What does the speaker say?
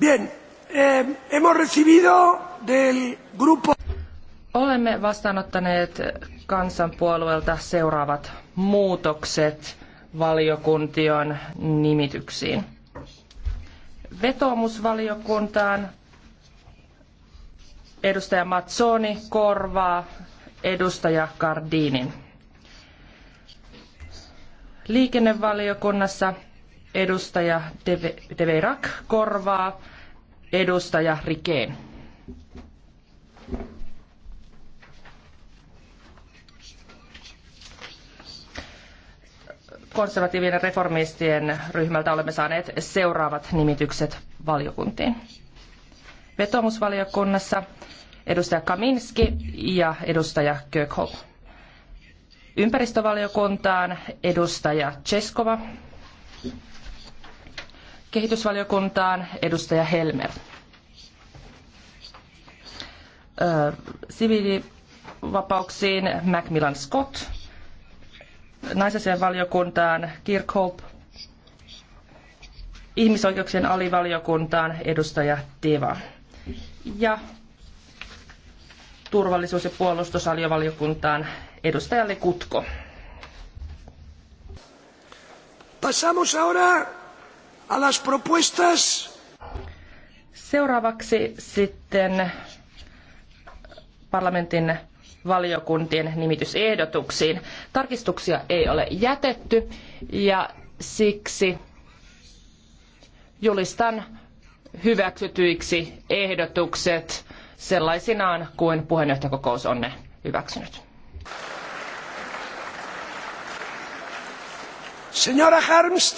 Eh, Olemme vastaanottaneet kansanpuolueelta seuraavat muutokset valiokuntien nimityksiin. Vetoomusvaliokuntaan edustaja Mazzoni korvaa edustaja Gardinin. Liikennevaliokunnassa Edustaja Deverak korvaa edustaja Rikeen. konservatiivien ja reformistien ryhmältä olemme saaneet seuraavat nimitykset valiokuntiin. Vetomusvaliokunnassa edustaja Kaminski ja edustaja Kökholm. Ympäristövaliokuntaan edustaja Cheskova kehitysvaliokuntaan edustaja Helmer. siviilivapauksiin Macmillan Scott, naisasian valiokuntaan Kirkhope, ihmisoikeuksien alivaliokuntaan edustaja Deva ja turvallisuus- ja puolustusaliovaliokuntaan edustajalle Kutko. Pasamos ahora a las propuestas. Seuraavaksi sitten parlamentin valiokuntien nimitysehdotuksiin. Tarkistuksia ei ole jätetty ja siksi julistan hyväksytyiksi ehdotukset sellaisinaan kuin puheenjohtajakokous on ne hyväksynyt. Señora Harms,